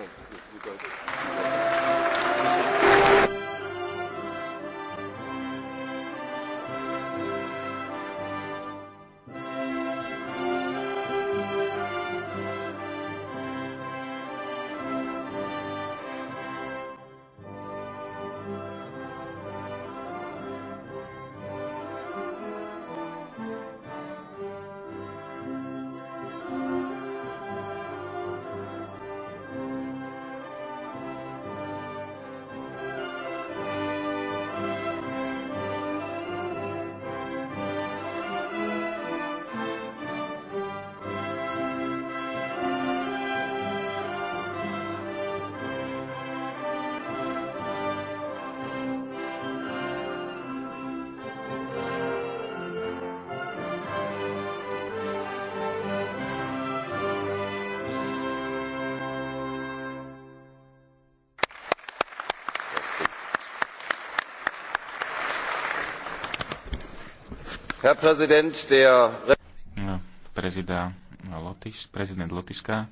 No, Herr Präsident der... Prezida Lotyš, prezident Lotyšska,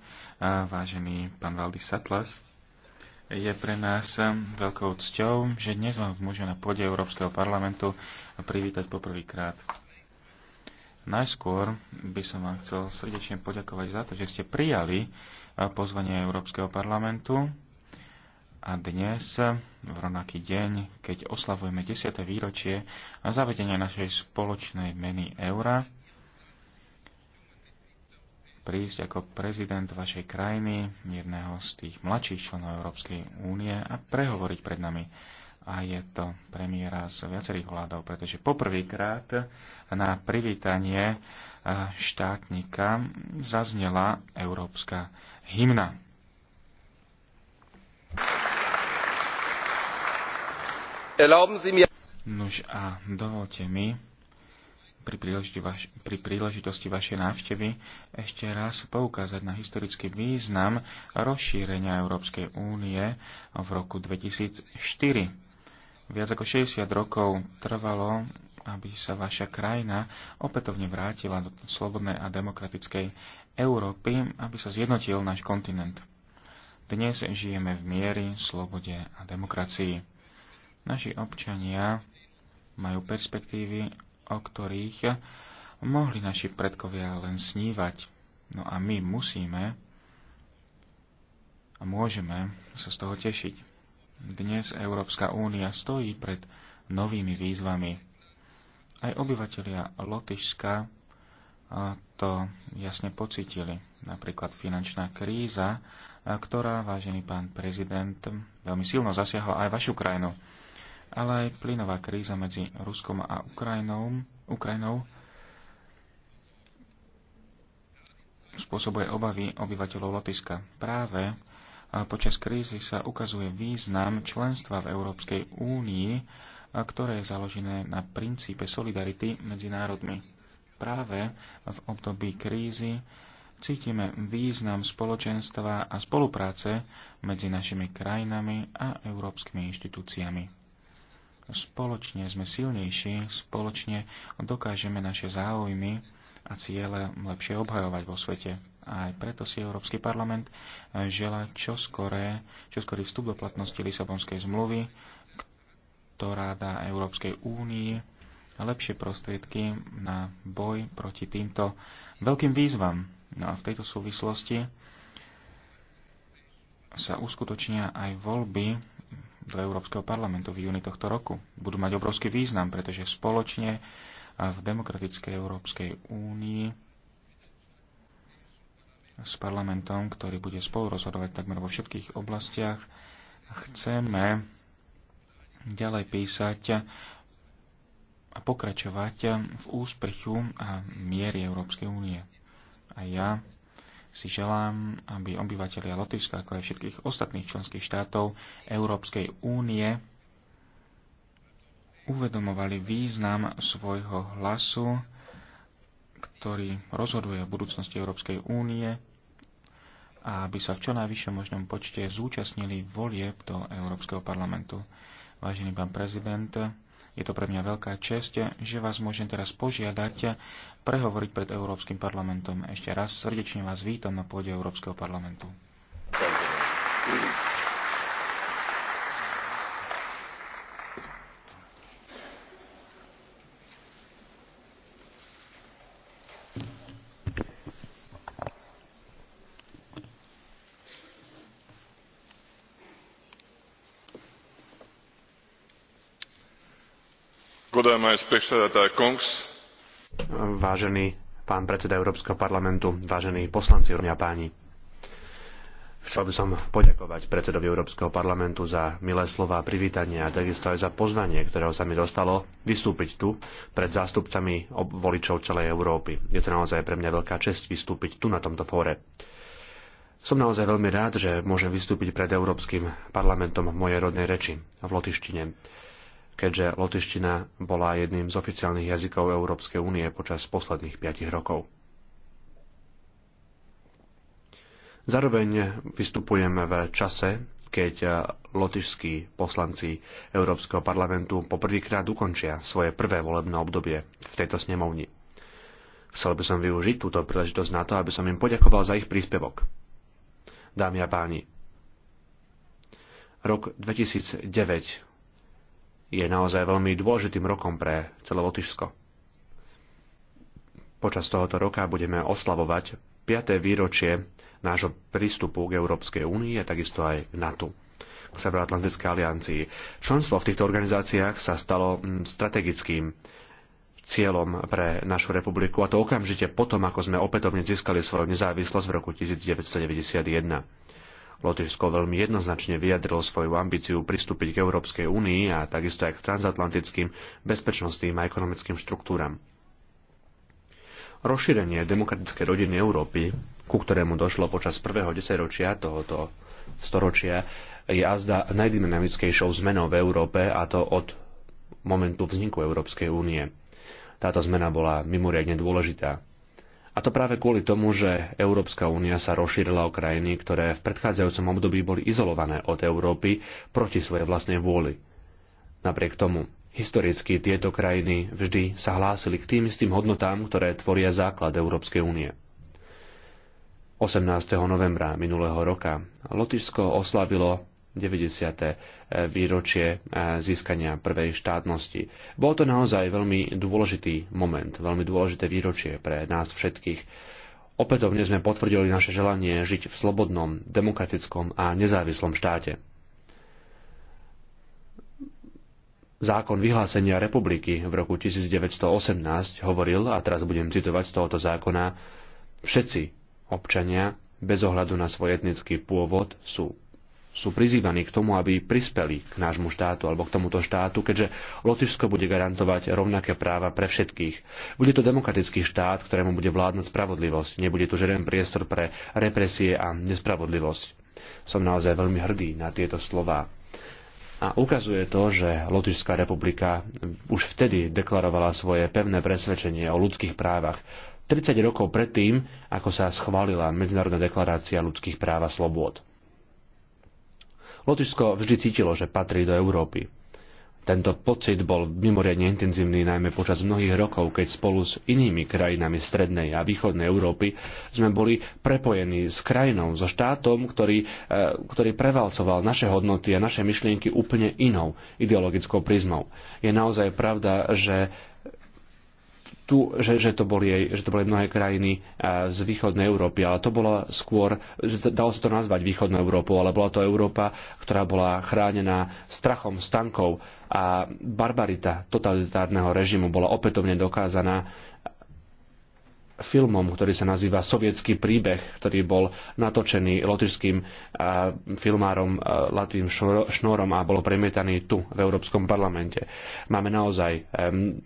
vážený pán Valdis Satlas, je pre nás veľkou cťou, že dnes vám môže na pôde Európskeho parlamentu privítať poprvýkrát. Najskôr by som vám chcel srdečne poďakovať za to, že ste prijali pozvanie Európskeho parlamentu a dnes, v rovnaký deň, keď oslavujeme 10. výročie a zavedenie našej spoločnej meny eura, prísť ako prezident vašej krajiny, jedného z tých mladších členov Európskej únie a prehovoriť pred nami. A je to premiéra z viacerých vládov, pretože poprvýkrát na privítanie štátnika zaznela európska hymna. Nož a dovolte mi pri, vaš, pri príležitosti vašej návštevy ešte raz poukázať na historický význam rozšírenia Európskej únie v roku 2004. Viac ako 60 rokov trvalo, aby sa vaša krajina opätovne vrátila do slobodnej a demokratickej Európy, aby sa zjednotil náš kontinent. Dnes žijeme v miery, slobode a demokracii Naši občania majú perspektívy, o ktorých mohli naši predkovia len snívať. No a my musíme a môžeme sa z toho tešiť. Dnes Európska únia stojí pred novými výzvami. Aj obyvatelia Lotyšska to jasne pocitili. Napríklad finančná kríza, ktorá, vážený pán prezident, veľmi silno zasiahla aj vašu krajinu ale aj plynová kríza medzi Ruskom a Ukrajinou, Ukrajinou spôsobuje obavy obyvateľov Lotyska. Práve počas krízy sa ukazuje význam členstva v Európskej únii, ktoré je založené na princípe solidarity medzi národmi. Práve v období krízy cítime význam spoločenstva a spolupráce medzi našimi krajinami a európskymi inštitúciami spoločne sme silnejší, spoločne dokážeme naše záujmy a ciele lepšie obhajovať vo svete. A aj preto si Európsky parlament eh, žela čoskoré, čoskorý vstup do platnosti Lisabonskej zmluvy, ktorá dá Európskej únii lepšie prostriedky na boj proti týmto veľkým výzvam. No a v tejto súvislosti sa uskutočnia aj voľby do Európskeho parlamentu v júni tohto roku. Budú mať obrovský význam, pretože spoločne a v demokratickej Európskej únii s parlamentom, ktorý bude spolu rozhodovať takmer vo všetkých oblastiach, chceme ďalej písať a pokračovať v úspechu a miery Európskej únie. A ja si želám, aby obyvateľia Lotyšska, ako aj všetkých ostatných členských štátov Európskej únie, uvedomovali význam svojho hlasu, ktorý rozhoduje o budúcnosti Európskej únie a aby sa v čo najvyššom možnom počte zúčastnili volieb do Európskeho parlamentu. Vážený pán prezident, je to pre mňa veľká čest, že vás môžem teraz požiadať prehovoriť pred Európskym parlamentom. Ešte raz srdečne vás vítam na pôde Európskeho parlamentu. Thank you. Vážený pán predseda Európskeho parlamentu, vážení poslanci, a páni. Chcel by som poďakovať predsedovi Európskeho parlamentu za milé slova a privítanie a takisto aj za pozvanie, ktorého sa mi dostalo vystúpiť tu pred zástupcami voličov celej Európy. Je to naozaj pre mňa veľká čest vystúpiť tu na tomto fóre. Som naozaj veľmi rád, že môžem vystúpiť pred Európskym parlamentom v mojej rodnej reči, v lotištine keďže lotiština bola jedným z oficiálnych jazykov Európskej únie počas posledných 5 rokov. Zároveň vystupujeme v čase, keď lotišskí poslanci Európskeho parlamentu poprvýkrát ukončia svoje prvé volebné obdobie v tejto snemovni. Chcel by som využiť túto príležitosť na to, aby som im poďakoval za ich príspevok. Dámy a páni, rok 2009 je naozaj veľmi dôležitým rokom pre celé Lotyšsko. Počas tohoto roka budeme oslavovať 5. výročie nášho prístupu k Európskej únii a takisto aj k NATO k Severoatlantickej aliancii. Členstvo v týchto organizáciách sa stalo mm, strategickým cieľom pre našu republiku a to okamžite potom, ako sme opätovne získali svoju nezávislosť v roku 1991. Lotyšsko veľmi jednoznačne vyjadrilo svoju ambíciu pristúpiť k Európskej únii a takisto aj k transatlantickým bezpečnostným a ekonomickým štruktúram. Rozšírenie demokratickej rodiny Európy, ku ktorému došlo počas prvého desaťročia tohoto storočia, je azda najdynamickejšou zmenou v Európe a to od momentu vzniku Európskej únie. Táto zmena bola mimoriadne dôležitá. A to práve kvôli tomu, že Európska únia sa rozšírila o krajiny, ktoré v predchádzajúcom období boli izolované od Európy proti svojej vlastnej vôli. Napriek tomu, historicky tieto krajiny vždy sa hlásili k tým istým hodnotám, ktoré tvoria základ Európskej únie. 18. novembra minulého roka Lotyšsko oslavilo 90. Eh, výročie eh, získania prvej štátnosti. Bol to naozaj veľmi dôležitý moment, veľmi dôležité výročie pre nás všetkých. Opätovne sme potvrdili naše želanie žiť v slobodnom, demokratickom a nezávislom štáte. Zákon vyhlásenia republiky v roku 1918 hovoril, a teraz budem citovať z tohoto zákona, všetci občania bez ohľadu na svoj etnický pôvod sú sú prizývaní k tomu, aby prispeli k nášmu štátu alebo k tomuto štátu, keďže Lotyšsko bude garantovať rovnaké práva pre všetkých. Bude to demokratický štát, ktorému bude vládnuť spravodlivosť. Nebude tu žiaden priestor pre represie a nespravodlivosť. Som naozaj veľmi hrdý na tieto slová. A ukazuje to, že Lotyšská republika už vtedy deklarovala svoje pevné presvedčenie o ľudských právach. 30 rokov predtým, ako sa schválila Medzinárodná deklarácia ľudských práv a slobôd. Lotyšsko vždy cítilo, že patrí do Európy. Tento pocit bol mimoriadne intenzívny najmä počas mnohých rokov, keď spolu s inými krajinami strednej a východnej Európy sme boli prepojení s krajinou, so štátom, ktorý, e, ktorý prevalcoval naše hodnoty a naše myšlienky úplne inou ideologickou prizmou. Je naozaj pravda, že tu, že, že, to boli jej, že to boli mnohé krajiny eh, z východnej Európy, ale to bola skôr, že dalo sa to nazvať východnou Európou, ale bola to Európa, ktorá bola chránená strachom, stankov a barbarita totalitárneho režimu bola opätovne dokázaná filmom, ktorý sa nazýva Sovietský príbeh, ktorý bol natočený lotišským eh, filmárom eh, Latvím Šnorom a bol premietaný tu v Európskom parlamente. Máme naozaj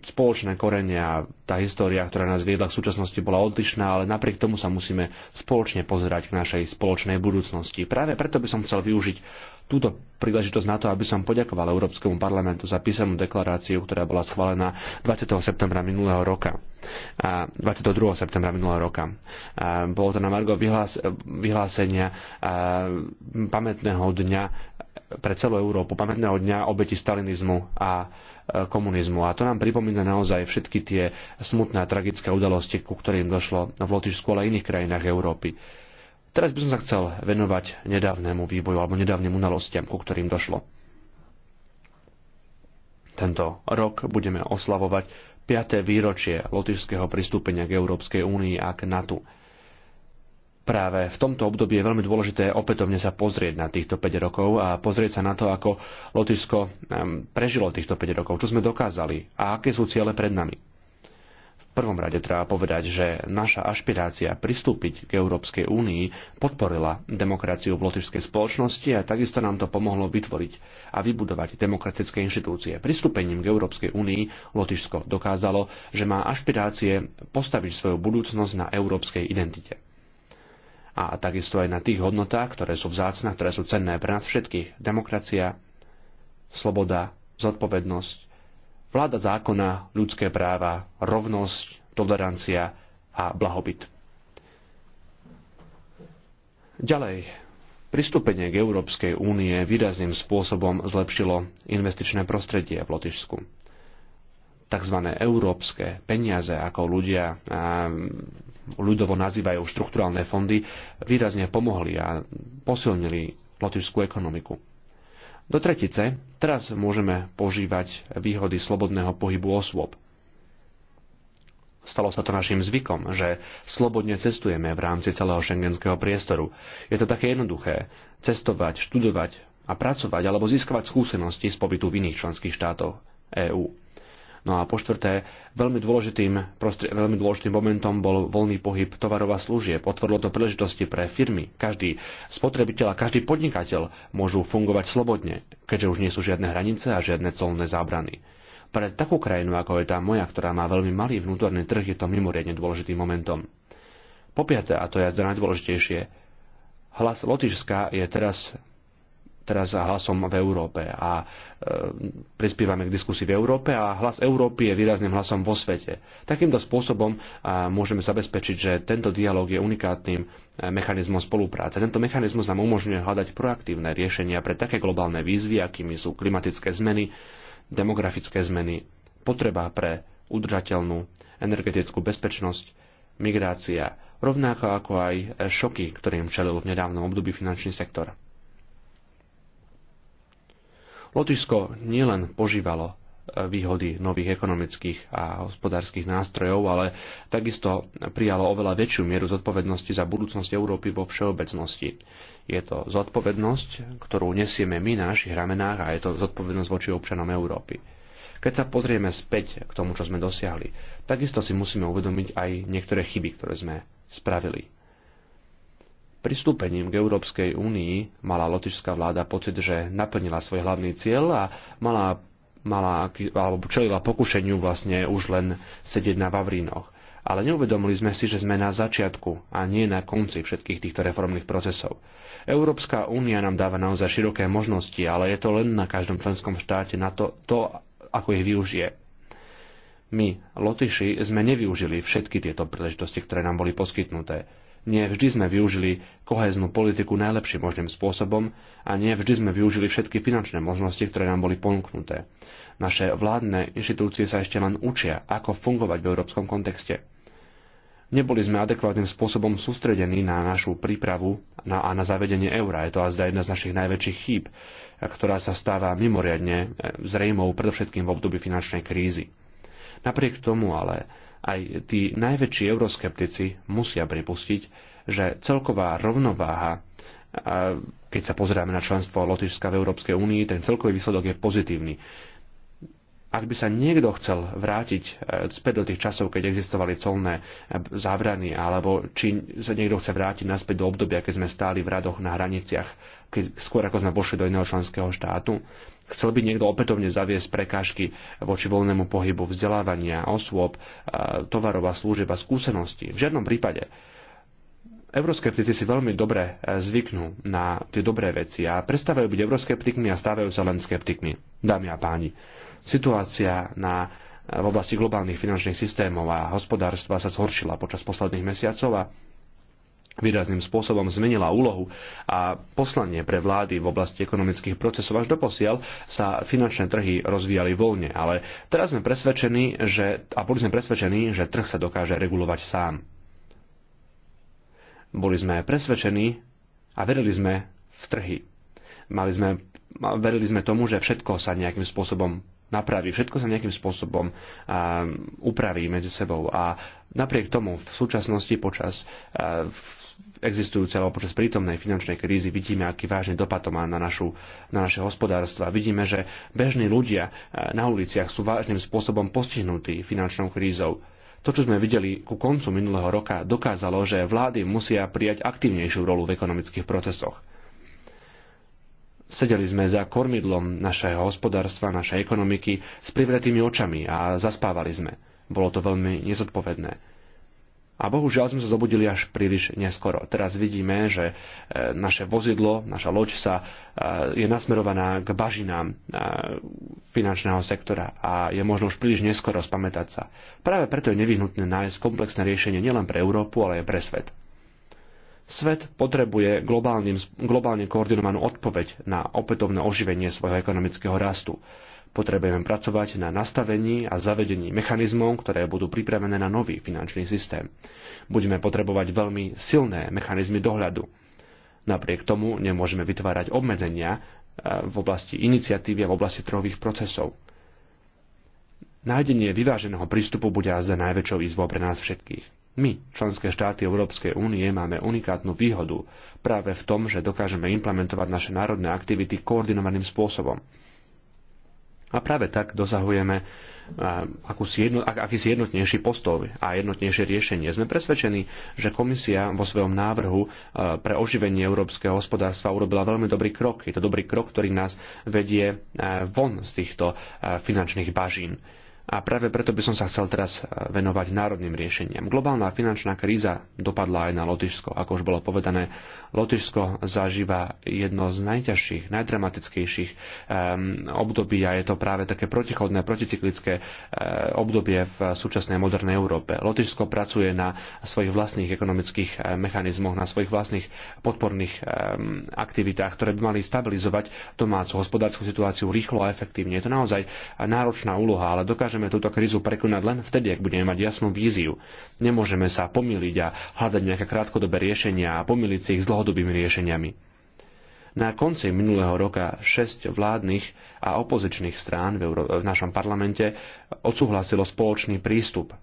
spoločné korenie a tá história, ktorá nás viedla v súčasnosti, bola odlišná, ale napriek tomu sa musíme spoločne pozerať k našej spoločnej budúcnosti. Práve preto by som chcel využiť túto príležitosť na to, aby som poďakoval Európskemu parlamentu za písanú deklaráciu, ktorá bola schválená 20. septembra minulého roka. A 22. septembra minulého roka. A bolo to na Margo vyhlás, vyhlásenia pamätného dňa pre celú Európu, pamätného dňa obeti stalinizmu a e, komunizmu. A to nám pripomína naozaj všetky tie smutné a tragické udalosti, ku ktorým došlo v Lotyšsku, ale iných krajinách Európy Teraz by som sa chcel venovať nedávnemu vývoju alebo nedávnym unalostiam, ku ktorým došlo. Tento rok budeme oslavovať 5. výročie lotišského pristúpenia k Európskej únii a k NATO. Práve v tomto období je veľmi dôležité opätovne sa pozrieť na týchto 5 rokov a pozrieť sa na to, ako Lotyšsko prežilo týchto 5 rokov, čo sme dokázali a aké sú ciele pred nami prvom rade treba povedať, že naša ašpirácia pristúpiť k Európskej únii podporila demokraciu v lotišskej spoločnosti a takisto nám to pomohlo vytvoriť a vybudovať demokratické inštitúcie. Pristúpením k Európskej únii Lotyšsko dokázalo, že má ašpirácie postaviť svoju budúcnosť na európskej identite a takisto aj na tých hodnotách, ktoré sú vzácne, ktoré sú cenné pre nás všetkých. Demokracia, sloboda, zodpovednosť, vláda zákona, ľudské práva, rovnosť, tolerancia a blahobyt. Ďalej, pristúpenie k Európskej únie výrazným spôsobom zlepšilo investičné prostredie v Lotyšsku. Takzvané európske peniaze, ako ľudia ľudovo nazývajú štrukturálne fondy, výrazne pomohli a posilnili lotyšskú ekonomiku. Do tretice, teraz môžeme požívať výhody slobodného pohybu osôb. Stalo sa to našim zvykom, že slobodne cestujeme v rámci celého šengenského priestoru. Je to také jednoduché cestovať, študovať a pracovať alebo získavať skúsenosti z pobytu v iných členských štátoch EÚ. No a po štvrté, veľmi dôležitým, prostri- veľmi dôležitým momentom bol voľný pohyb tovarov a služieb. Otvorilo to príležitosti pre firmy. Každý spotrebiteľ a každý podnikateľ môžu fungovať slobodne, keďže už nie sú žiadne hranice a žiadne colné zábrany. Pre takú krajinu, ako je tá moja, ktorá má veľmi malý vnútorný trh, je to mimoriadne dôležitým momentom. Po piaté, a to je zda najdôležitejšie, hlas Lotyšska je teraz teraz hlasom v Európe a e, prispievame k diskusii v Európe a hlas Európy je výrazným hlasom vo svete. Takýmto spôsobom a, e, môžeme zabezpečiť, že tento dialog je unikátnym e, mechanizmom spolupráce. Tento mechanizmus nám umožňuje hľadať proaktívne riešenia pre také globálne výzvy, akými sú klimatické zmeny, demografické zmeny, potreba pre udržateľnú energetickú bezpečnosť, migrácia, rovnako ako aj šoky, ktorým čelil v nedávnom období finančný sektor. Lotyšsko nielen požívalo e, výhody nových ekonomických a hospodárskych nástrojov, ale takisto prijalo oveľa väčšiu mieru zodpovednosti za budúcnosť Európy vo všeobecnosti. Je to zodpovednosť, ktorú nesieme my na našich ramenách a je to zodpovednosť voči občanom Európy. Keď sa pozrieme späť k tomu, čo sme dosiahli, takisto si musíme uvedomiť aj niektoré chyby, ktoré sme spravili Pristúpením k Európskej únii mala lotišská vláda pocit, že naplnila svoj hlavný cieľ a mala, mala alebo čelila pokušeniu vlastne už len sedieť na Vavrínoch. Ale neuvedomili sme si, že sme na začiatku a nie na konci všetkých týchto reformných procesov. Európska únia nám dáva naozaj široké možnosti, ale je to len na každom členskom štáte na to, to ako ich využije. My, Lotyši, sme nevyužili všetky tieto príležitosti, ktoré nám boli poskytnuté. Nie vždy sme využili koheznú politiku najlepším možným spôsobom a nie vždy sme využili všetky finančné možnosti, ktoré nám boli ponúknuté. Naše vládne inštitúcie sa ešte len učia, ako fungovať v európskom kontexte. Neboli sme adekvátnym spôsobom sústredení na našu prípravu na, a na zavedenie eura. Je to a zda jedna z našich najväčších chýb, ktorá sa stáva mimoriadne eh, zrejmou predovšetkým v období finančnej krízy. Napriek tomu ale aj tí najväčší euroskeptici musia pripustiť, že celková rovnováha keď sa pozeráme na členstvo Lotyšska v Európskej únii, ten celkový výsledok je pozitívny. Ak by sa niekto chcel vrátiť e, späť do tých časov, keď existovali colné e, zábrany, alebo či sa niekto chce vrátiť naspäť do obdobia, keď sme stáli v radoch na hraniciach, keď, skôr ako sme pošli do iného členského štátu, Chcel by niekto opätovne zaviesť prekážky voči voľnému pohybu vzdelávania, osôb, tovarov a služieb a skúseností. V žiadnom prípade. Euroskeptici si veľmi dobre e, zvyknú na tie dobré veci a prestávajú byť euroskeptikmi a stávajú sa len skeptikmi. Dámy a páni, situácia na, e, v oblasti globálnych finančných systémov a hospodárstva sa zhoršila počas posledných mesiacov a výrazným spôsobom zmenila úlohu a poslanie pre vlády v oblasti ekonomických procesov až doposiaľ sa finančné trhy rozvíjali voľne, ale teraz sme presvedčení, že, a boli sme presvedčení, že trh sa dokáže regulovať sám. Boli sme presvedčení a verili sme v trhy. Mali sme, verili sme tomu, že všetko sa nejakým spôsobom napraví. Všetko sa nejakým spôsobom upraví medzi sebou. A napriek tomu v súčasnosti počas existujúce alebo počas prítomnej finančnej krízy vidíme, aký vážny dopad to má na, našu, na naše hospodárstva. Vidíme, že bežní ľudia na uliciach sú vážnym spôsobom postihnutí finančnou krízou. To, čo sme videli ku koncu minulého roka, dokázalo, že vlády musia prijať aktívnejšiu rolu v ekonomických procesoch. Sedeli sme za kormidlom našeho hospodárstva, našej ekonomiky s privretými očami a zaspávali sme. Bolo to veľmi nezodpovedné. A bohužiaľ sme sa zobudili až príliš neskoro. Teraz vidíme, že e, naše vozidlo, naša loď sa e, je nasmerovaná k bažinám e, finančného sektora a je možno už príliš neskoro spamätať sa. Práve preto je nevyhnutné nájsť komplexné riešenie nielen pre Európu, ale aj pre svet. Svet potrebuje globálne koordinovanú odpoveď na opätovné oživenie svojho ekonomického rastu. Potrebujeme pracovať na nastavení a zavedení mechanizmov, ktoré budú pripravené na nový finančný systém. Budeme potrebovať veľmi silné mechanizmy dohľadu. Napriek tomu nemôžeme vytvárať obmedzenia eh, v oblasti iniciatívy a v oblasti trhových procesov. Nájdenie vyváženého prístupu bude azda najväčšou výzvou pre nás všetkých. My, členské štáty Európskej únie, máme unikátnu výhodu práve v tom, že dokážeme implementovať naše národné aktivity koordinovaným spôsobom. A práve tak dosahujeme akýsi jednotnejší postoj a jednotnejšie riešenie. Sme presvedčení, že komisia vo svojom návrhu pre oživenie európskeho hospodárstva urobila veľmi dobrý krok. Je to dobrý krok, ktorý nás vedie von z týchto finančných bažín a práve preto by som sa chcel teraz e, venovať národným riešeniam. Globálna finančná kríza dopadla aj na Lotyšsko. Ako už bolo povedané, Lotyšsko zažíva jedno z najťažších, najdramatickejších um, období a je to práve také protichodné, proticyklické uh, obdobie v súčasnej modernej Európe. Lotyšsko pracuje na svojich vlastných ekonomických e, mechanizmoch, na svojich vlastných podporných um, aktivitách, ktoré by mali stabilizovať domácu hospodárskú situáciu rýchlo a efektívne. Je to naozaj náročná úloha, ale dokáže dokážeme túto krízu prekonať len vtedy, ak budeme mať jasnú víziu. Nemôžeme sa pomýliť a hľadať nejaké krátkodobé riešenia a pomýliť si ich s dlhodobými riešeniami. Na konci minulého roka šesť vládnych a opozičných strán v, Euró- v našom parlamente odsúhlasilo spoločný prístup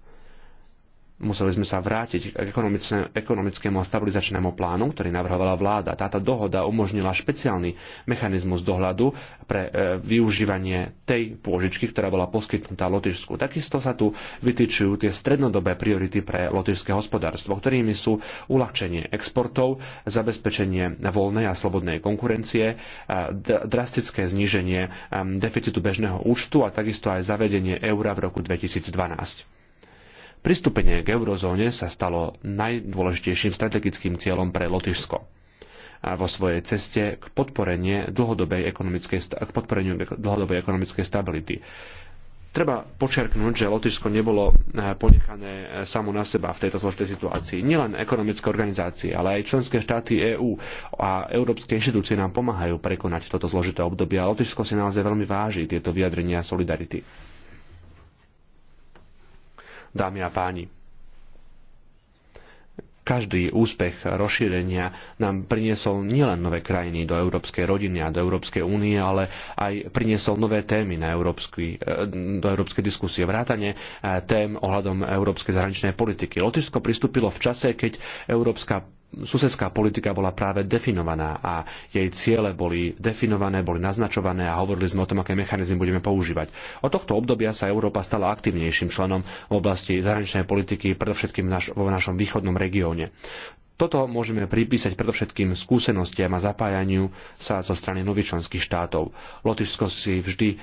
Museli sme sa vrátiť k ekonomickému a stabilizačnému plánu, ktorý navrhovala vláda. Táto dohoda umožnila špeciálny mechanizmus dohľadu pre e, využívanie tej pôžičky, ktorá bola poskytnutá Lotyšsku. Takisto sa tu vytýčujú tie strednodobé priority pre lotyšské hospodárstvo, ktorými sú uľahčenie exportov, zabezpečenie voľnej a slobodnej konkurencie, drastické zníženie e, deficitu bežného účtu a takisto aj zavedenie eura v roku 2012. Pristúpenie k eurozóne sa stalo najdôležitejším strategickým cieľom pre Lotyšsko a vo svojej ceste k, dlhodobej ekonomickej, k podporeniu dlhodobej ekonomickej stability. Treba počerknúť, že Lotyšsko nebolo e, ponechané e, samo na seba v tejto zložitej situácii. Nielen ekonomické organizácie, ale aj členské štáty EÚ a európske inštitúcie nám pomáhajú prekonať toto zložité obdobie a Lotyšsko si naozaj veľmi váži tieto vyjadrenia solidarity dámy a páni. Každý úspech rozšírenia nám priniesol nielen nové krajiny do európskej rodiny a do Európskej únie, ale aj priniesol nové témy na európsky, e, do európskej diskusie. Vrátane e, tém ohľadom európskej zahraničnej politiky. Lotyšsko pristúpilo v čase, keď európska susedská politika bola práve definovaná a jej ciele boli definované, boli naznačované a hovorili sme o tom, aké mechanizmy budeme používať. Od tohto obdobia sa Európa stala aktívnejším členom v oblasti zahraničnej politiky, predovšetkým vo našom východnom regióne. Toto môžeme pripísať predovšetkým skúsenostiam a zapájaniu sa zo strany nových členských štátov. Lotyšsko si vždy ehm,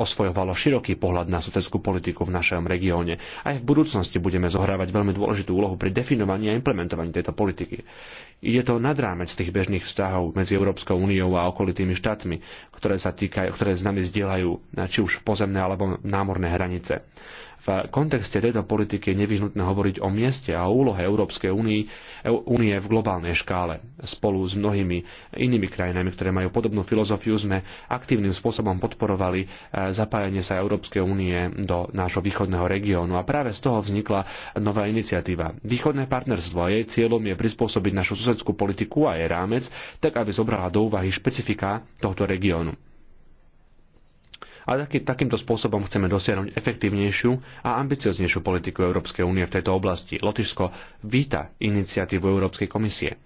osvojovalo široký pohľad na sudeckú politiku v našom regióne. Aj v budúcnosti budeme zohrávať veľmi dôležitú úlohu pri definovaní a implementovaní tejto politiky. Ide to nad rámec tých bežných vzťahov medzi Európskou úniou a okolitými štátmi, ktoré, sa týkajú, ktoré s nami zdieľajú či už pozemné alebo námorné hranice. V kontexte tejto politiky je nevyhnutné hovoriť o mieste a úlohe Európskej únie, únie v globálnej škále. Spolu s mnohými inými krajinami, ktoré majú podobnú filozofiu, sme aktívnym spôsobom podporovali e, zapájanie sa Európskej únie do nášho východného regiónu. A práve z toho vznikla nová iniciatíva. Východné partnerstvo a jej cieľom je prispôsobiť našu susedskú politiku a jej rámec, tak aby zobrala do úvahy špecifika tohto regiónu. A taký, takýmto spôsobom chceme dosiahnuť efektívnejšiu a ambicioznejšiu politiku Európskej únie v tejto oblasti. Lotyšsko víta iniciatívu Európskej komisie.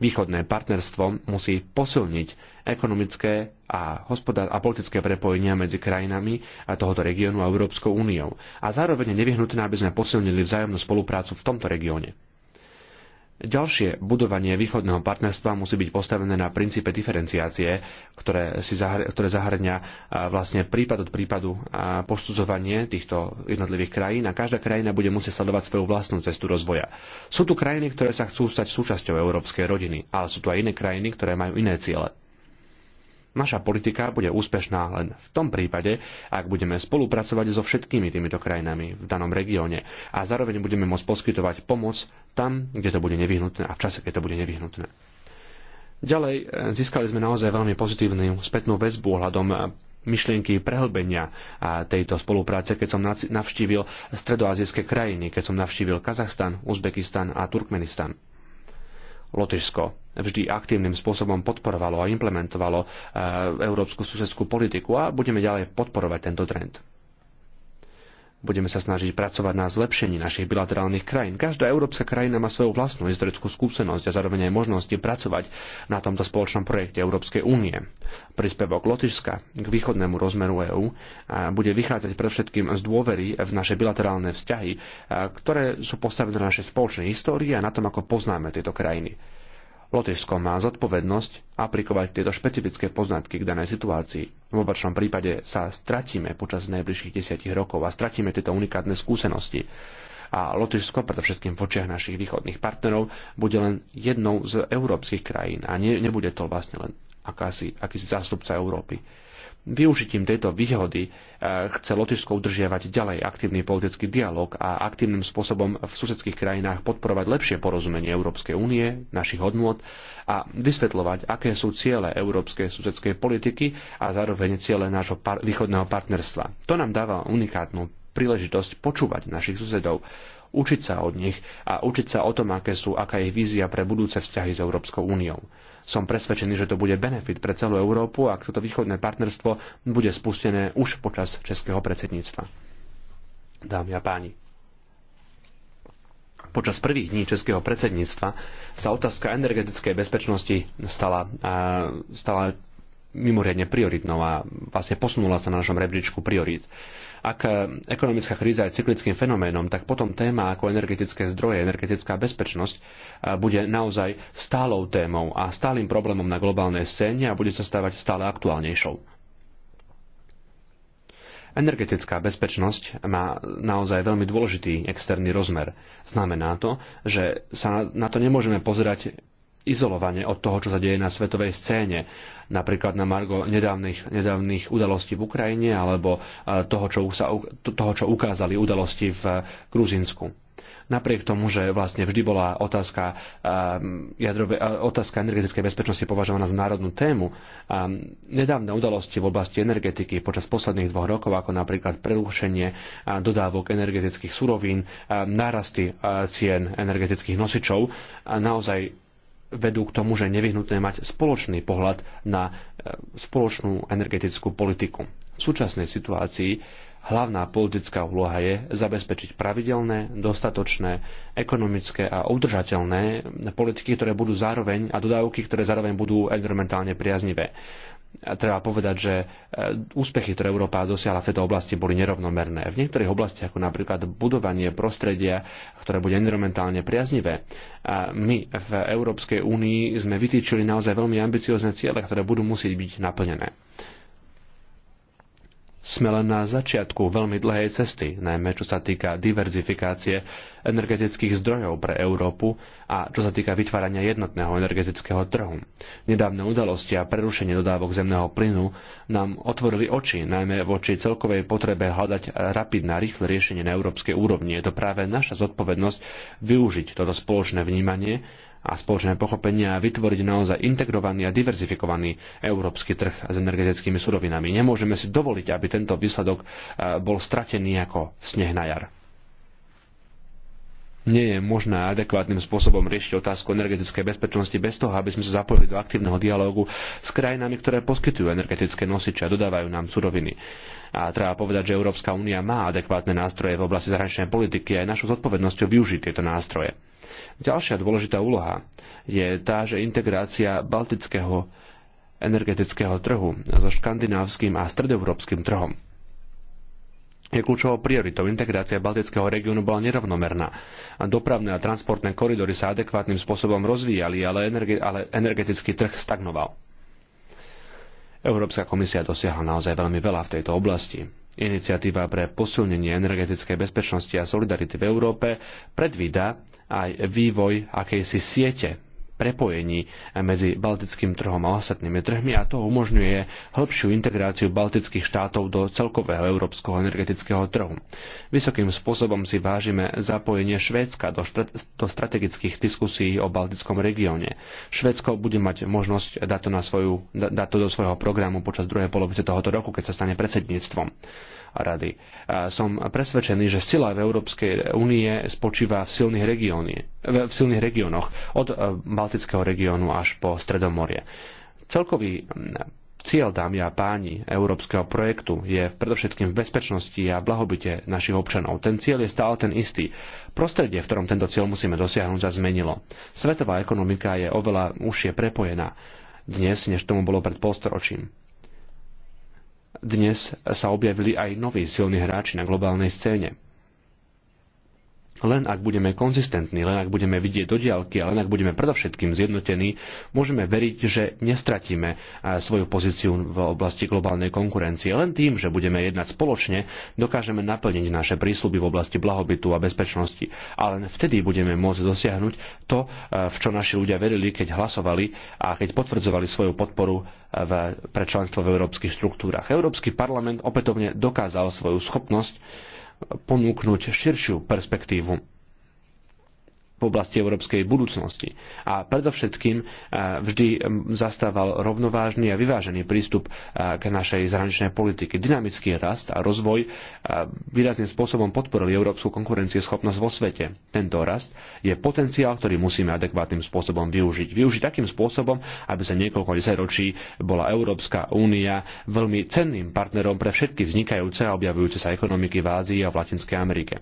Východné partnerstvo musí posilniť ekonomické a, hospodár- a politické prepojenia medzi krajinami a tohoto regiónu a Európskou úniou a zároveň je nevyhnutné, aby sme posilnili vzájomnú spoluprácu v tomto regióne. Ďalšie budovanie východného partnerstva musí byť postavené na princípe diferenciácie, ktoré, si zahr- ktoré zahrňa vlastne prípad od prípadu a posudzovanie týchto jednotlivých krajín a každá krajina bude musieť sledovať svoju vlastnú cestu rozvoja. Sú tu krajiny, ktoré sa chcú stať súčasťou európskej rodiny, ale sú tu aj iné krajiny, ktoré majú iné ciele. Naša politika bude úspešná len v tom prípade, ak budeme spolupracovať so všetkými týmito krajinami v danom regióne a zároveň budeme môcť poskytovať pomoc tam, kde to bude nevyhnutné a v čase, keď to bude nevyhnutné. Ďalej e, získali sme naozaj veľmi pozitívnu spätnú väzbu ohľadom e, myšlienky prehlbenia tejto spolupráce, keď som navštívil stredoazijské krajiny, keď som navštívil Kazachstan, Uzbekistan a Turkmenistan. Lotyšsko vždy aktívnym spôsobom podporovalo a implementovalo eh, európsku susedskú politiku a budeme ďalej podporovať tento trend. Budeme sa snažiť pracovať na zlepšení našich bilaterálnych krajín. Každá európska krajina má svoju vlastnú historickú skúsenosť a zároveň aj možnosti pracovať na tomto spoločnom projekte Európskej únie. Príspevok Lotyšska k východnému rozmeru EÚ bude vychádzať predovšetkým z dôvery v naše bilaterálne vzťahy, ktoré sú postavené na našej spoločnej histórii a na tom, ako poznáme tieto krajiny. Lotyšsko má zodpovednosť aplikovať tieto špecifické poznatky k danej situácii. V obačnom prípade sa stratíme počas najbližších desiatich rokov a stratíme tieto unikátne skúsenosti a Lotyšsko, predovšetkým v očiach našich východných partnerov, bude len jednou z európskych krajín a nie, nebude to vlastne len akási, akýsi zástupca Európy využitím tejto výhody e, chce Lotyšsko udržiavať ďalej aktívny politický dialog a aktívnym spôsobom v susedských krajinách podporovať lepšie porozumenie Európskej únie, našich hodnôt a vysvetľovať, aké sú ciele európskej susedskej politiky a zároveň ciele nášho par- východného partnerstva. To nám dáva unikátnu príležitosť počúvať našich susedov, učiť sa od nich a učiť sa o tom, aké sú, aká je vízia pre budúce vzťahy s Európskou úniou. Som presvedčený, že to bude benefit pre celú Európu, ak toto východné partnerstvo bude spustené už počas českého predsedníctva. Dámy a páni, počas prvých dní českého predsedníctva sa otázka energetickej bezpečnosti stala, stala mimoriadne prioritnou a vlastne posunula sa na našom rebríčku priorít. Ak eh, ekonomická kríza je cyklickým fenoménom, tak potom téma ako energetické zdroje, energetická bezpečnosť eh, bude naozaj stálou témou a stálym problémom na globálnej scéne a bude sa stávať stále aktuálnejšou. Energetická bezpečnosť má naozaj veľmi dôležitý externý rozmer. Znamená to, že sa na to nemôžeme pozerať izolovane od toho, čo sa deje na svetovej scéne. Napríklad na margo nedávnych, nedávnych udalostí v Ukrajine alebo eh, toho, čo, sa, toho, čo ukázali udalosti v eh, Gruzinsku. Napriek tomu, že vlastne vždy bola otázka, eh, jadrove, otázka energetickej bezpečnosti považovaná za národnú tému, nedávne udalosti v oblasti energetiky počas posledných dvoch rokov, ako napríklad prerušenie dodávok energetických surovín, nárasty cien energetických nosičov, naozaj vedú k tomu, že je nevyhnutné mať spoločný pohľad na e, spoločnú energetickú politiku. V súčasnej situácii hlavná politická úloha je zabezpečiť pravidelné, dostatočné, ekonomické a udržateľné politiky, ktoré budú zároveň a dodávky, ktoré zároveň budú environmentálne priaznivé treba povedať, že e, úspechy, ktoré Európa dosiahla v tejto oblasti, boli nerovnomerné. V niektorých oblastiach, ako napríklad budovanie prostredia, ktoré bude environmentálne priaznivé, a my v Európskej únii sme vytýčili naozaj veľmi ambiciozne ciele, ktoré budú musieť byť naplnené. Sme len na začiatku veľmi dlhej cesty, najmä čo sa týka diverzifikácie energetických zdrojov pre Európu a čo sa týka vytvárania jednotného energetického trhu. Nedávne udalosti a prerušenie dodávok zemného plynu nám otvorili oči, najmä voči celkovej potrebe hľadať rapidné a rýchle riešenie na európskej úrovni. Je to práve naša zodpovednosť využiť toto spoločné vnímanie a spoločné pochopenie a vytvoriť naozaj integrovaný a diverzifikovaný európsky trh s energetickými surovinami. Nemôžeme si dovoliť, aby tento výsledok e, bol stratený ako sneh na jar nie je možné adekvátnym spôsobom riešiť otázku energetickej bezpečnosti bez toho, aby sme sa zapojili do aktívneho dialógu s krajinami, ktoré poskytujú energetické nosiče a dodávajú nám suroviny. A treba povedať, že Európska únia má adekvátne nástroje v oblasti zahraničnej politiky a je našou zodpovednosťou využiť tieto nástroje. Ďalšia dôležitá úloha je tá, že integrácia baltického energetického trhu so škandinávským a stredoeurópskym trhom je kľúčovou prioritou. Integrácia Baltického regiónu bola nerovnomerná. Dopravné a transportné koridory sa adekvátnym spôsobom rozvíjali, ale, energe- ale energetický trh stagnoval. Európska komisia dosiahla naozaj veľmi veľa v tejto oblasti Iniciatíva pre posilnenie energetickej bezpečnosti a solidarity v Európe predvída aj vývoj akejsi siete prepojení medzi baltickým trhom a ostatnými trhmi a to umožňuje hĺbšiu integráciu baltických štátov do celkového európskeho energetického trhu. Vysokým spôsobom si vážime zapojenie Švédska do, štrat- do strategických diskusí o baltickom regióne. Švédsko bude mať možnosť dať to, na svoju, dať to do svojho programu počas druhej polovice tohoto roku, keď sa stane predsedníctvom rady. Som presvedčený, že sila v Európskej únie spočíva v silných, regióni, v silných regiónoch, od e, Baltického regiónu až po Stredomorie. Celkový Cieľ, dámy a páni, európskeho projektu je predovšetkým v bezpečnosti a blahobite našich občanov. Ten cieľ je stále ten istý. Prostredie, v ktorom tento cieľ musíme dosiahnuť, sa zmenilo. Svetová ekonomika je oveľa užšie prepojená dnes, než tomu bolo pred polstoročím. Dnes sa objavili aj noví silní hráči na globálnej scéne. Len ak budeme konzistentní, len ak budeme vidieť do diálky a len ak budeme predovšetkým zjednotení, môžeme veriť, že nestratíme eh, svoju pozíciu v oblasti globálnej konkurencie. Len tým, že budeme jednať spoločne, dokážeme naplniť naše prísľuby v oblasti blahobytu a bezpečnosti. A len vtedy budeme môcť dosiahnuť to, eh, v čo naši ľudia verili, keď hlasovali a keď potvrdzovali svoju podporu eh, v, pre členstvo v európskych štruktúrach. Európsky parlament opätovne dokázal svoju schopnosť ponúknuť širšiu perspektívu v oblasti európskej budúcnosti. A predovšetkým eh, vždy zastával rovnovážny a vyvážený prístup eh, k našej zahraničnej politike. Dynamický rast a rozvoj eh, výrazným spôsobom podporili európsku konkurencieschopnosť vo svete. Tento rast je potenciál, ktorý musíme adekvátnym spôsobom využiť. Využiť takým spôsobom, aby sa niekoľko desaťročí bola Európska únia veľmi cenným partnerom pre všetky vznikajúce a objavujúce sa ekonomiky v Ázii a v Latinskej Amerike.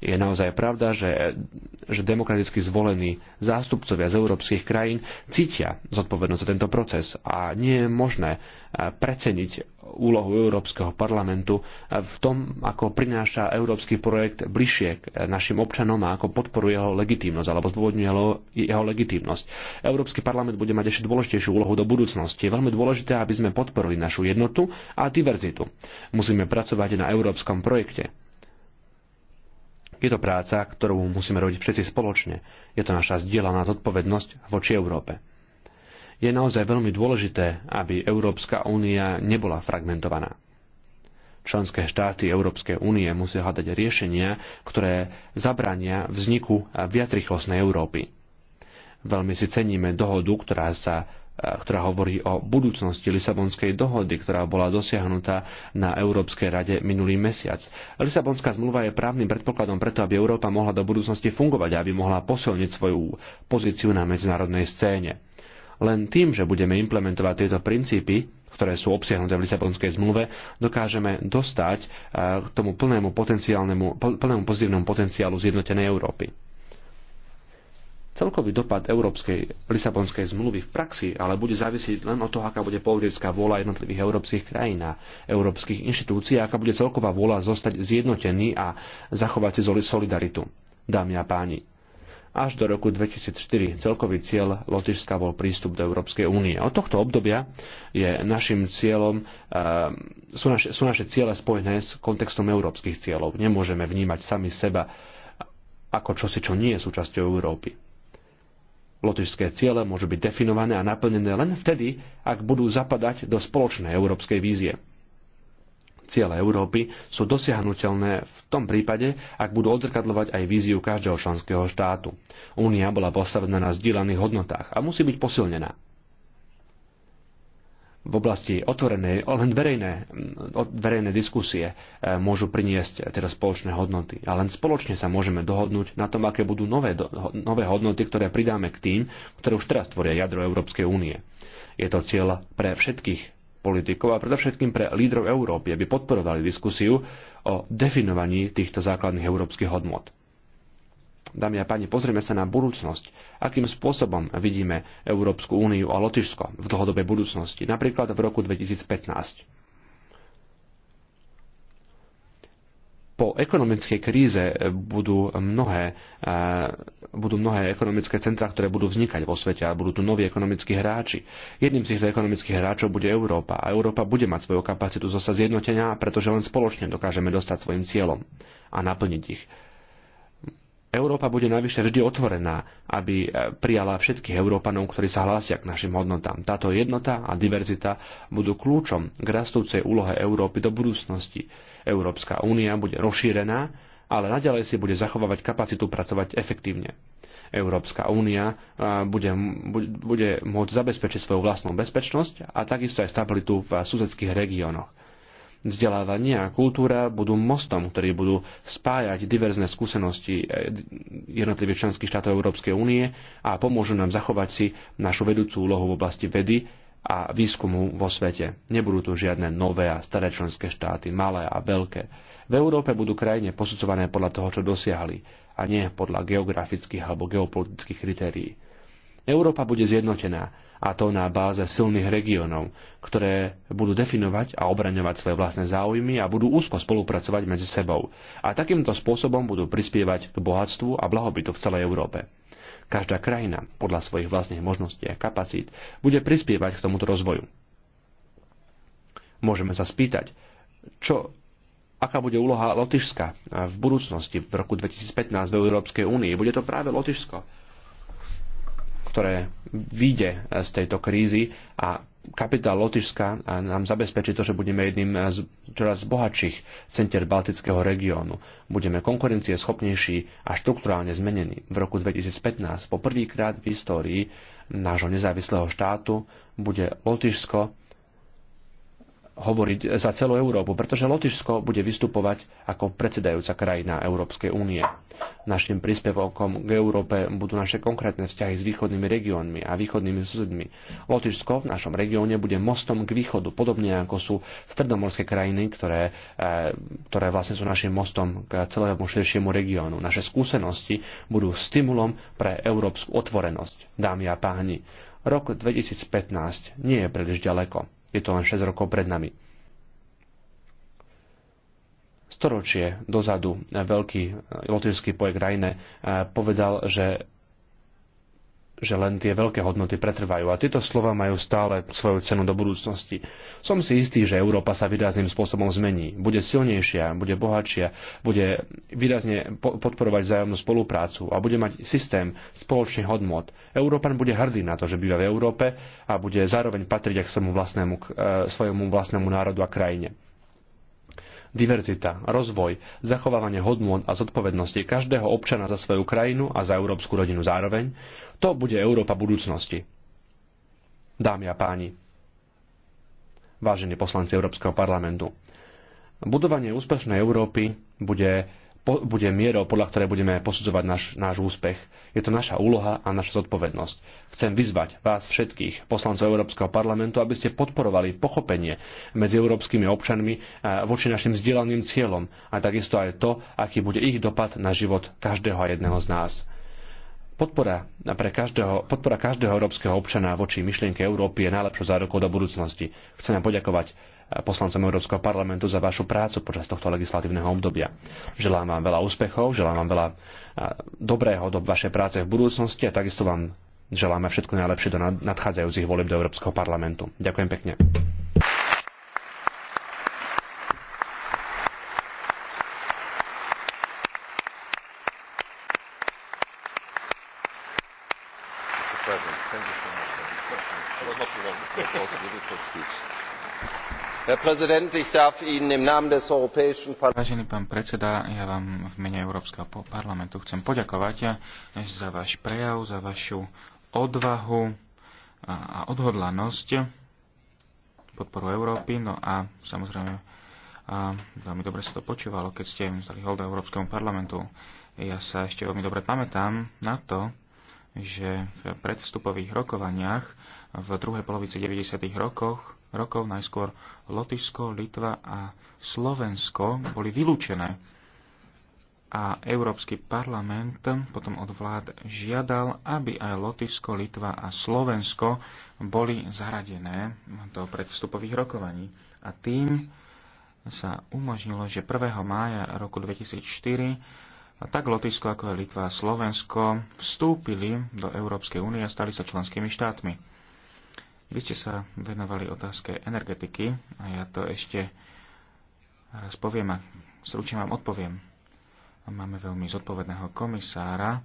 Je naozaj pravda, že, že demokraticky zvolení zástupcovia z európskych krajín cítia zodpovednosť za tento proces a nie je možné e, preceniť úlohu Európskeho parlamentu e, v tom, ako prináša európsky projekt bližšie k e, našim občanom a ako podporuje jeho legitímnosť alebo zdôvodňuje jeho legitímnosť. Európsky parlament bude mať ešte dôležitejšiu úlohu do budúcnosti. Je veľmi dôležité, aby sme podporili našu jednotu a diverzitu. Musíme pracovať na európskom projekte je to práca, ktorú musíme robiť všetci spoločne. Je to naša zdieľaná zodpovednosť voči Európe. Je naozaj veľmi dôležité, aby Európska únia nebola fragmentovaná. Členské štáty Európskej únie musia hľadať riešenia, ktoré zabránia vzniku viacrychlostnej Európy. Veľmi si ceníme dohodu, ktorá sa ktorá hovorí o budúcnosti Lisabonskej dohody, ktorá bola dosiahnutá na Európskej rade minulý mesiac. Lisabonská zmluva je právnym predpokladom preto, aby Európa mohla do budúcnosti fungovať a aby mohla posilniť svoju pozíciu na medzinárodnej scéne. Len tým, že budeme implementovať tieto princípy, ktoré sú obsiahnuté v Lisabonskej zmluve, dokážeme dostať k tomu plnému, plnému pozitívnemu potenciálu zjednotenej Európy. Celkový dopad Európskej Lisabonskej zmluvy v praxi ale bude závisieť len od toho, aká bude politická vôľa jednotlivých európskych krajín a európskych inštitúcií a aká bude celková vôľa zostať zjednotený a zachovať si solidaritu. Dámy a páni, až do roku 2004 celkový cieľ Lotyšska bol prístup do Európskej únie. Od tohto obdobia je našim cieľom, eh, sú, naše, sú naše ciele spojené s kontextom európskych cieľov. Nemôžeme vnímať sami seba ako čosi, čo nie je súčasťou Európy. Lotyšské ciele môžu byť definované a naplnené len vtedy, ak budú zapadať do spoločnej európskej vízie. Ciele Európy sú dosiahnutelné v tom prípade, ak budú odzrkadľovať aj víziu každého členského štátu. Únia bola postavená na zdieľaných hodnotách a musí byť posilnená v oblasti otvorenej, len verejné, mm, verejné diskusie e, môžu priniesť e, teda spoločné hodnoty. A len spoločne sa môžeme dohodnúť na tom, aké budú nové, nové hodnoty, ktoré pridáme k tým, ktoré už teraz tvoria jadro Európskej únie. Je to cieľ pre všetkých politikov a predovšetkým pre lídrov Európy, aby podporovali diskusiu o definovaní týchto základných európskych hodnot. Dámy a páni, pozrieme sa na budúcnosť. Akým spôsobom vidíme Európsku úniu a Lotyšsko v dlhodobej budúcnosti, napríklad v roku 2015? Po ekonomickej kríze budú mnohé, eh, budú mnohé ekonomické centrá, ktoré budú vznikať vo svete a budú tu noví ekonomickí hráči. Jedným z týchto ekonomických hráčov bude Európa a Európa bude mať svoju kapacitu zosa zjednotenia, pretože len spoločne dokážeme dostať svojim cieľom a naplniť ich. Európa bude najvyššie vždy otvorená, aby e, prijala všetkých Európanov, ktorí sa hlásia k našim hodnotám. Táto jednota a diverzita budú kľúčom k rastúcej úlohe Európy do budúcnosti. Európska únia bude rozšírená, ale naďalej si bude zachovávať kapacitu pracovať efektívne. Európska únia e, bude, bude môcť zabezpečiť svoju vlastnú bezpečnosť a takisto aj stabilitu v susedských regiónoch Vzdelávanie a kultúra budú mostom, ktorí budú spájať diverzné skúsenosti eh, jednotlivých členských štátov Európskej únie a pomôžu nám zachovať si našu vedúcu úlohu v oblasti vedy a výskumu vo svete. Nebudú tu žiadne nové a staré členské štáty, malé a veľké. V Európe budú krajine posudzované podľa toho, čo dosiahli, a nie podľa geografických alebo geopolitických kritérií. Európa bude zjednotená a to na báze silných regiónov, ktoré budú definovať a obraňovať svoje vlastné záujmy a budú úzko spolupracovať medzi sebou. A takýmto spôsobom budú prispievať k bohatstvu a blahobytu v celej Európe. Každá krajina, podľa svojich vlastných možností a kapacít, bude prispievať k tomuto rozvoju. Môžeme sa spýtať, čo aká bude úloha Lotyšska v budúcnosti v roku 2015 v Európskej únii. Bude to práve Lotyšsko, ktoré vyjde z tejto krízy a kapitál Lotyšska nám zabezpečí to, že budeme jedným z čoraz bohatších centier Baltického regiónu. Budeme konkurencie schopnejší a štruktúrálne zmenení. V roku 2015 po prvýkrát v histórii nášho nezávislého štátu bude Lotyšsko hovoriť za celú Európu, pretože Lotyšsko bude vystupovať ako predsedajúca krajina Európskej únie. Našim príspevkom k Európe budú naše konkrétne vzťahy s východnými regiónmi a východnými susedmi. Lotyšsko v našom regióne bude mostom k východu, podobne ako sú stredomorské krajiny, ktoré, e, ktoré vlastne sú našim mostom k celému širšiemu regiónu. Naše skúsenosti budú stimulom pre európsku otvorenosť, dámy a páni. Rok 2015 nie je príliš ďaleko je to len 6 rokov pred nami. Storočie dozadu veľký lotyšský poek Rajne eh, povedal, že že len tie veľké hodnoty pretrvajú a tieto slova majú stále svoju cenu do budúcnosti. Som si istý, že Európa sa výrazným spôsobom zmení. Bude silnejšia, bude bohatšia, bude výrazne podporovať vzájomnú spoluprácu a bude mať systém spoločných hodnot. Európan bude hrdý na to, že býva v Európe a bude zároveň patriť aj k svojmu vlastnému, e, svojmu vlastnému národu a krajine diverzita, rozvoj, zachovávanie hodnôt a zodpovednosti každého občana za svoju krajinu a za európsku rodinu zároveň, to bude Európa budúcnosti. Dámy a páni, vážení poslanci Európskeho parlamentu, budovanie úspešnej Európy bude po, bude mierou, podľa ktorej budeme posudzovať náš, náš úspech. Je to naša úloha a naša zodpovednosť. Chcem vyzvať vás všetkých, poslancov Európskeho parlamentu, aby ste podporovali pochopenie medzi európskymi občanmi voči našim vzdielaným cieľom a takisto aj to, aký bude ich dopad na život každého a jedného z nás. Podpora pre každého, podpora každého európskeho občana voči myšlienke Európy je najlepšou zárukou do budúcnosti. vám poďakovať eh, poslancom Európskeho parlamentu za vašu prácu počas tohto legislatívneho obdobia. Želám vám veľa úspechov, želám vám veľa eh, dobrého do vašej práce v budúcnosti a takisto vám želáme všetko najlepšie do nadchádzajúcich volieb do Európskeho parlamentu. Ďakujem pekne. Vážený pán predseda, ja vám v mene Európskeho parlamentu chcem poďakovať eh, za váš prejav, za vašu odvahu a odhodlanosť podporu Európy. No a samozrejme, a veľmi dobre sa to počúvalo, keď ste stali holda Európskemu parlamentu. Ja sa ešte veľmi dobre pamätám na to, že v predvstupových rokovaniach v druhej polovici 90. rokoch, rokov najskôr Lotyšsko, Litva a Slovensko boli vylúčené. A Európsky parlament potom od vlád žiadal, aby aj Lotyšsko, Litva a Slovensko boli zaradené do predvstupových rokovaní. A tým sa umožnilo, že 1. mája roku 2004 a tak Lotyšsko ako aj Litva a Slovensko vstúpili do Európskej únie a stali sa členskými štátmi. Vy ste sa venovali otázke energetiky a ja to ešte raz poviem a stručne vám odpoviem. Máme veľmi zodpovedného komisára,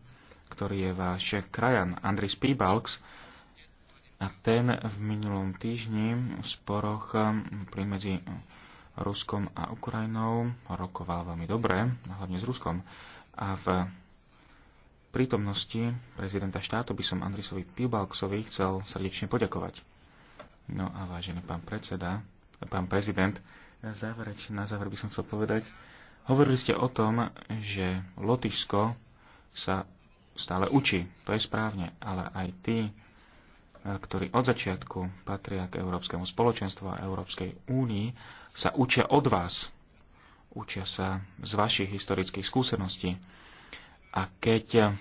ktorý je váš krajan Andris Pibalks a ten v minulom týždni v sporoch hm, pri medzi Ruskom a Ukrajinou rokoval veľmi dobre, hlavne s Ruskom a v prítomnosti prezidenta štátu by som Andrisovi Pibalksovi chcel srdečne poďakovať. No a vážený pán predseda, pán prezident, závereč, na záver by som chcel povedať, hovorili ste o tom, že Lotyšsko sa stále učí. To je správne, ale aj tí, ktorí od začiatku patria k Európskemu spoločenstvu a Európskej únii, sa učia od vás. Učia sa z vašich historických skúseností. A keď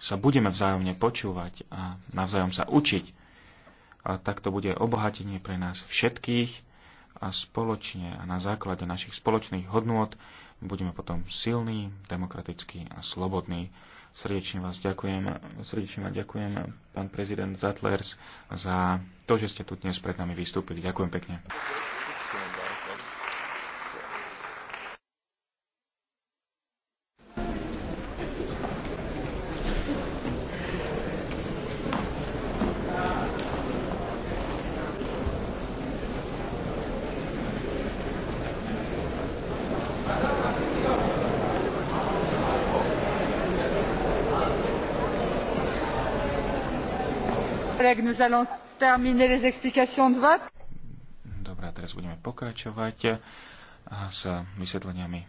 sa budeme vzájomne počúvať a navzájom sa učiť, tak to bude obohatenie pre nás všetkých a spoločne a na základe našich spoločných hodnôt budeme potom silní, demokratickí a slobodní. Srdečne vás ďakujem, srdečne vám ďakujem, pán prezident Zatlers, za to, že ste tu dnes pred nami vystúpili. Ďakujem pekne. nous allons terminer les explications de vote. Dobre, teraz budeme pokračovať eh, s vysvetleniami